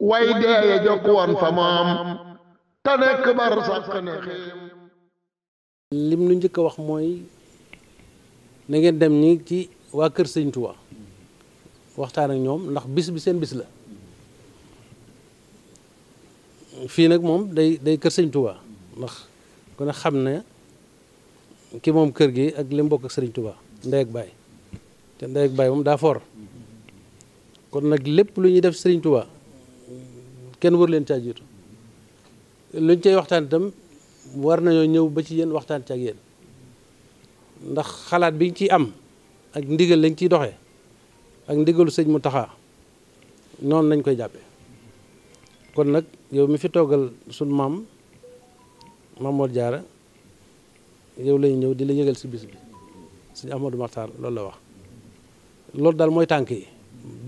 way deeye jokk woon fa moom nekk bar sàkk ne xéem lim nu njëkk a wax mooy na ngeen dem ñi ci waa kër sëñ Tuubaa waxtaan ak ñoom ndax bis bi seen bis la fii nag moom day day kër sëñ Tuubaa ndax ku ne xam ne ki moom kër gi ak li mu bokk ak sëriñ Tuubaa ndey ak baay te ndey ak baay moom daa for kon nag lépp lu ñuy def sëriñ Tuubaa kenn war leen caa jiitu luñ cay waxtaan itam war nañoo ñëw ba ci yéen waxtaan ci ak yéen ndax xalaat biñ ci am ak ndigal lañ ciy doxee ak ndigalu sëñ mu taxaa noonu lañ koy jàppe kon nag yow mi fi toogal suñ maam Mamoor Jaara yow lañ ñëw di la yëgal si bis bi sëñ Ahmadou Maxtaar loolu la wax loolu daal mooy tànk yi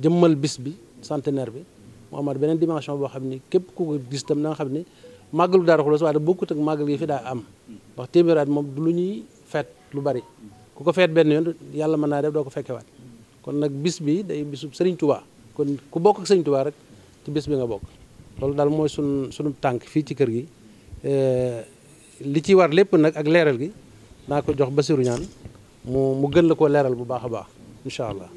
jëmmal bis bi centenaire bi mu amaat beneen dimension boo xam ni képp ku ko gis tam na nga xam ne màggalu Daaru Xuloos waaye bokkut ak màgg yi fi daa am ndax téeméeraat moom du lu ñuy feet lu bari ku ko feet benn yoon yàlla mën naa def doo ko fekkee fekkewaat kon nag bis bi day bisu Sëriñ Tuubaa kon ku bokk ak Sëriñ Tuubaa rek ci bis bi nga bokk loolu daal mooy sunu sunu tànk fii ci kër gi eh, li ci war lépp nag ak leeral gi naa ko jox Basiru ñaan mu mu gën la koo leeral bu baax a baax incha allah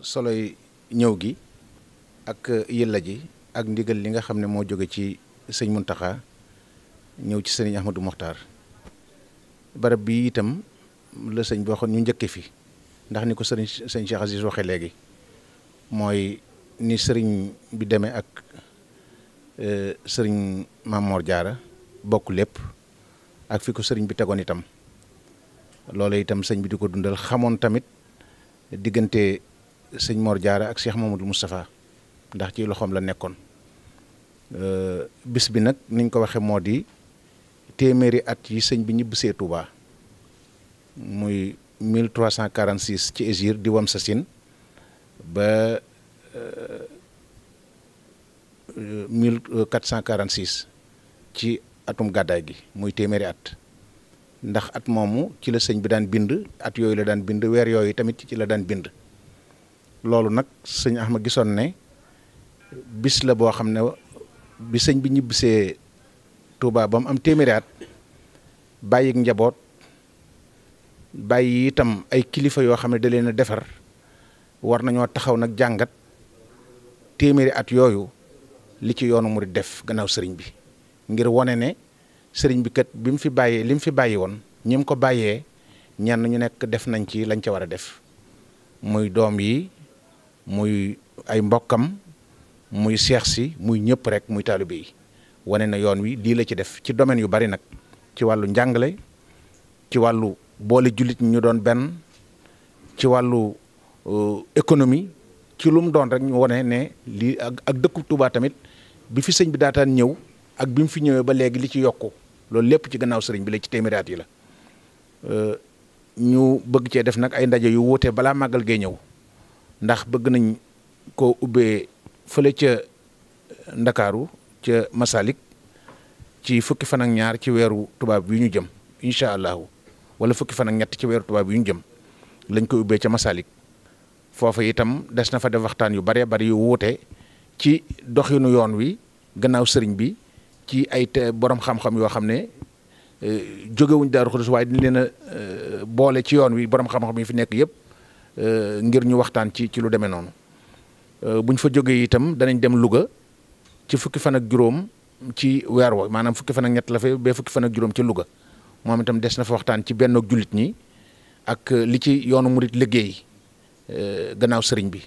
soloy ñëw gi ak uh, yëlla ji ak ndigal li nga xam ne moo jóge ci sëñ Muntaxa ñëw ci sëriñ Ahmadou Mokhtar barab bi itam la sëñ bi waxoon ñu njëkke fi ndax ni ko sëriñ sëñ Cheikh Aziz waxee léegi mooy ni sëriñ bi demee ak uh, sëriñ Mamor Diarra bokk lépp ak fi ko sëriñ bi tegoon itam loolu itam sëñ bi di ko dundal xamoon tamit diggante sëñ Mor Diarra ak Cheikh Mamadou Moustapha ndax ci loxoom la nekkoon euh, bis bi nag niñ ko waxee moo di téeméeri at yi sëñ bi ñibbisee Touba muy 1346 ci Égir di wam sa sin ba 1446 euh, ci atum gàddaay gi muy téeméeri at ndax at moomu ci la sëñ bi daan bind at yooyu la daan bind weer yooyu tamit ci la daan bind loolu nag sëñ Axma gisoon ne bis la boo xam ne bi sëñ bi ñibbisee Touba ba mu am téeméeri at bàyyi njaboot bàyyi itam ay kilifa yoo xam ne da leen defar war nañoo taxaw nag jàngat téeméeri at yooyu li ci yoonu murid def gannaaw sëriñ bi ngir wane ne sëriñ bi kat bi mu fi bàyyee li mu fi bàyyi woon ñi ko bàyyee ñenn ñu nekk def nañ ci lañ ci war a def muy doom yi muy ay mbokkam muy seex si muy ñëpp rek muy taalibe yi wane na yoon wi lii la ci def ci domaine yu bari nag ci wàllu njàngale ci wàllu boole jullit ñu doon benn ci wàllu euh, économie ci lum doon rek ñu wane ne lii ak ak dëkku Touba tamit bi fi sëñ bi daataan ñëw ak bi mu fi ñëwee ba léegi li ci yokku loolu lépp ci gannaaw sëriñ bi la ci téeméeri yi la euh, ñu bëgg cee def nag ay ndaje yu wuute balaa màggal gee ñëw ndax bëgg nañ koo ubbee fële ca ndakaaru ca Masalik ci fukki fan ak ñaar ci weeru tubaab yi ñu jëm incha allahu wala fukki fan ñett ci weeru tubaab yu ñu jëm lañ koy ubbee ca Masalik foofu itam des na fa def waxtaan yu bëree bëri yu wuute ci doxinu yoon wi gannaaw sëriñ bi ci ay te borom xam-xam yoo xam ne eh, jógewuñ daaru xudus waaye dañ leen a eh, boole ci yoon wi borom xam-xam yi fi nekk yëpp eh, ngir ñu waxtaan ci ci lu demee noonu. Euh, bu ñu fa jógee itam danañ dem Louga ci fukki fan ak juróom ci weer maanaam fukki fan ak ñett la fa ba fukki fan ak juróom ci Louga moom itam des na fa waxtaan ci benn ak ñi ak euh, li ci yoonu murit liggéey euh, gannaaw sëriñ bi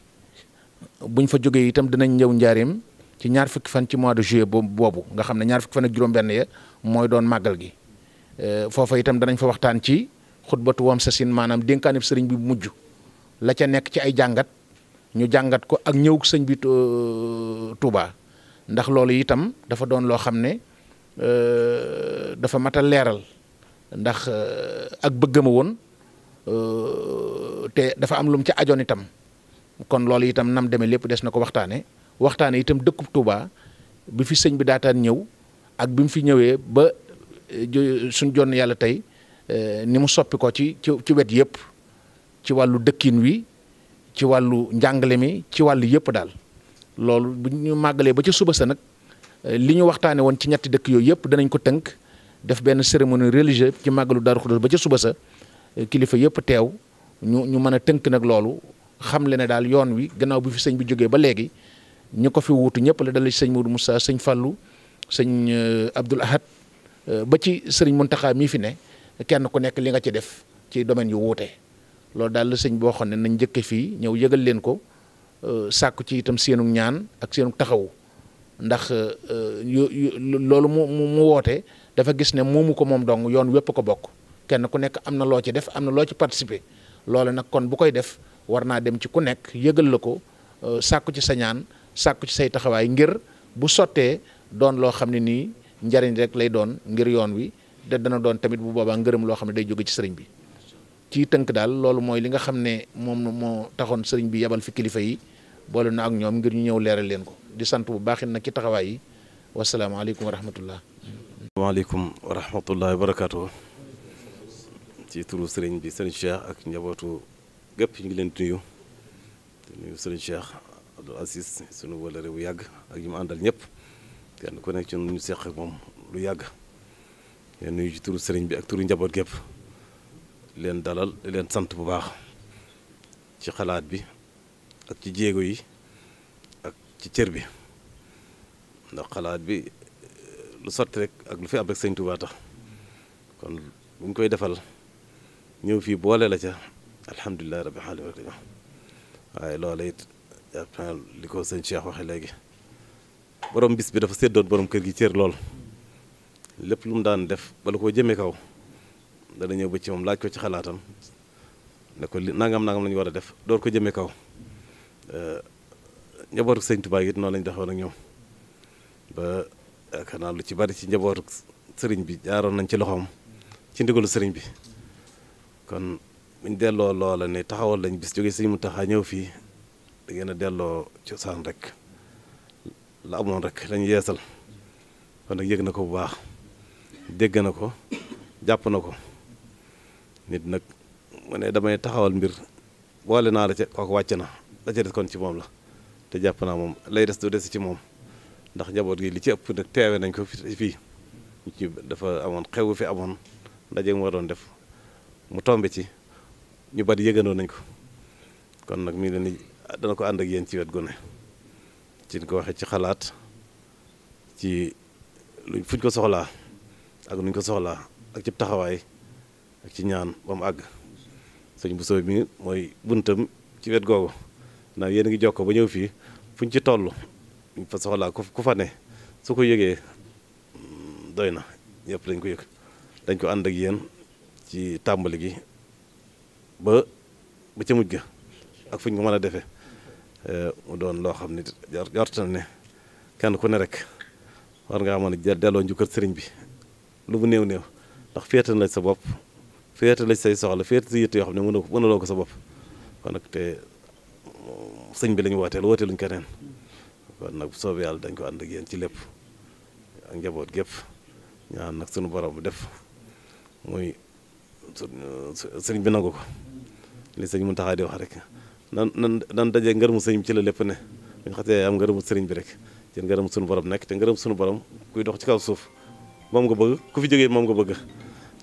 bu fa jógee itam dinañ ñëw njaareem ci ñaar fukki fan ci mois de juillet boobu nga xam ne ñaar fukki fan ak juróom-benn mooy doon màggal gi foofa itam danañ fa waxtaan ci xutbatu wam sa sin maanaam dénkaanib sëriñ bi mujj la ca nekk ci ay jàngat. ñu jàngat ko ak ñëw sëñ bi euh, Touba ndax loolu itam dafa doon loo xam ne euh, dafa mat a leeral ndax euh, ak bëggama woon te dafa am lu mu ca ajoon itam kon loolu itam nam demee lépp des na ko waxtaane waxtaane itam dëkkub Touba bi fi sëñ bi daataan ñëw ak bi mu fi ñëwee ba suñ jonn yàlla tey ni mu soppi ko ci ci wet yëpp ci wàllu dëkkin wi ci wàllu njàngale mi ci wàllu yëpp daal loolu bu ñu màggalee ba ca suba sa nag eh, li ñu waxtaanee woon ci ñetti dëkk yooyu yëpp danañ ko tënk def benn cérémonie religieuse ci màggalu Daaru ba ca suba sa eh, kilifa yëpp teew ñu ñu mën a tënk nag loolu xam le ne daal yoon wi gannaaw bi fi sëñ bi jógee ba léegi ñu ko fi wuutu ñëpp la dala ci sëñ Modou Moussa sëñ Fallou sëñ eh, Abdoul Ahad ba ci sëriñ Mountakha mii fi ne kenn ku nekk li nga ci def ci domaine yu wuute. loolu daal la sëñ boo xam ne nañ njëkke fii ñëw yëgal leen ko euh, sàkku ci itam seenu ñaan ak seenu taxawu ndax euh, euh, loolu mu mu woote dafa gis ne moomu ko moom dong yoon wépp ko bokk kenn ku nekk am na loo ci def am na loo ci participer loole nag kon bu koy def war naa dem ci ku nekk yëgal la ko sàkku ci sa ñaan sàkku ci say taxawaay ngir bu sottee doon loo xam ne nii njariñ rek lay doon ngir yoon wi te dana doon tamit bu boobaa ngërëm loo xam ne day jóge ci sëriñ bi ci tënk daal loolu mooy li nga xam ne moom moo taxoon sëriñ bi yebal fi kilifa yi boole na ak ñoom ngir ñu ñëw leeral leen ko di sant bu baax nag ci taxawaay yi wasalaamaaleykum wa rahmatullah. waaleykum wa rahmatullah ci turu sëriñ bi sëriñ Cheikh ak njabootu gépp ñu ngi leen di nuyu di nuyu sëriñ Cheikh Abdoul Aziz sunu wala réew yàgg ak ñu àndal ñëpp kenn ku nekk ci ñu seq moom lu yàgg. leen nuyu ci turu sëriñ bi ak turu njaboot gépp leen dalal leen sant bu baax ci xalaat bi ak ci jéego yi ak ci cër bi ndax xalaat bi eh, lu sotti rek ak lu fi am rek sëñ kon bu ñu koy defal ñëw fii boole la ca alhamdulilah rabbi alamin waaye loola it li ko sëñ Cheikh waxe léegi borom bis bi dafa séddoon boroom kër gi cër lool lépp lu mu daan def bala koo jëmee kaw dana ñëw ba ci moom laaj ko ci xalaatam ne ko li nangam nangam lañu war a def door ko jëmee kaw eh, njabootu sëñ Tuubaa it noonu la ñu doxoon ak xanaa lu ci bari ci njabootu sëriñ bi jaaroon nañ ci loxoom ci ndigalu sëriñ bi kon buñ delloo loola ne taxawal lañ bis jógee mu Muntaxa ñëw fii da delloo cosaan rek la amoon rek lañ yeesal kon nag yëg na ko bu baax dégg na ko jàpp na ko nit nag mu ne damay taxawal mbir boole naa la ca kooku wàcc na la ca des kon ci moom la te jàpp naa moom lay des du des ci moom ndax njaboot gi li ci ëpp nag teewe nañ ko fii ci dafa amoon xewu fi amoon ndaje mu waroon def mu tombe ci ñu bari yëgandoo nañ ko kon nag mi ngi leen dana ko ànd ak yéen ci wet gu ne ci ko waxee ci xalaat ci luñ fuñ ko soxlaa ak nuñ ko soxlaa ak cib taxawaay ci ñaan ba mu àgg sëñ bu sooy mi mooy buntam ci wet googu ndax yéen ngi jokko ba ñëw fii fuñ ci toll fa soxlaa ku fa su ko yëgee mm, doy na yëpp dañ ko yëg dañ ko ànd ak yéen ci tàmbali gi ba ba ca mujj ga ak fuñ ko mën a defee eh, mu doon loo xam ne jort na ne kenn ku ne rek war ngaa mën a delloo njukkal sëriñ bi lu mu néew néew ndax féetal na sa bopp féete la say soxla féete si yitt yoo xam ne mënoo mënaloo ko sa bopp kon nag te sëñ bi la ñu wooteel wooteeluñ keneen kon nag soob soobee yàlla dañ ko ànd ak ci lepp ak njaboot gépp ñaan nag sunu borom def muy sëñ bi nangu ko li sëñ Muntaxa di wax rek nan nan nan dajee ngërëmu sëñ bi ci la lépp ne dañ xasee am ngërëmu sëriñ bi rek ci ngërëm sunu borom nekk te ngërëm sunu borom kuy dox ci kaw suuf moom nga bëgg ku fi jógee moom nga bëgg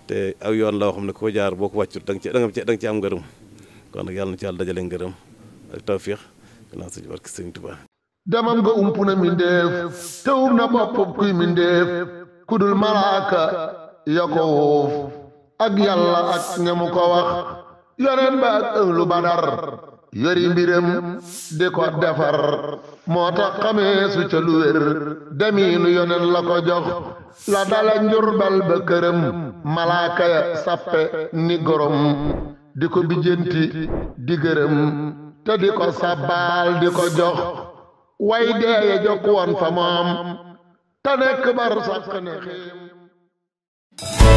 te aw yoon la woo xam ne ko jaar boo ko wàccut da nga ci da ci am ngërëm kon nag yàlla na ci yàlla dajale ngërëm ak tawfiix dinaa sëñ barke sëñ Tuubaa demam nga ump na mindeef te um na bopp kuy mindeef ku dul malaaka ya ko wóof ak yàlla ak ñamu ko wax yoneen ba ak ënglu badar yori mbiram di ko defar moo tax xamee su ca lu wér demiinu yoneen la ko jox la dala njurbal ba këram malaaka ya sappe ni gorom di ko bijjanti di gërëm te di ko sabbaal di ko jox way deeye jokk woon fa moom te nekk bar sàkk ne xiim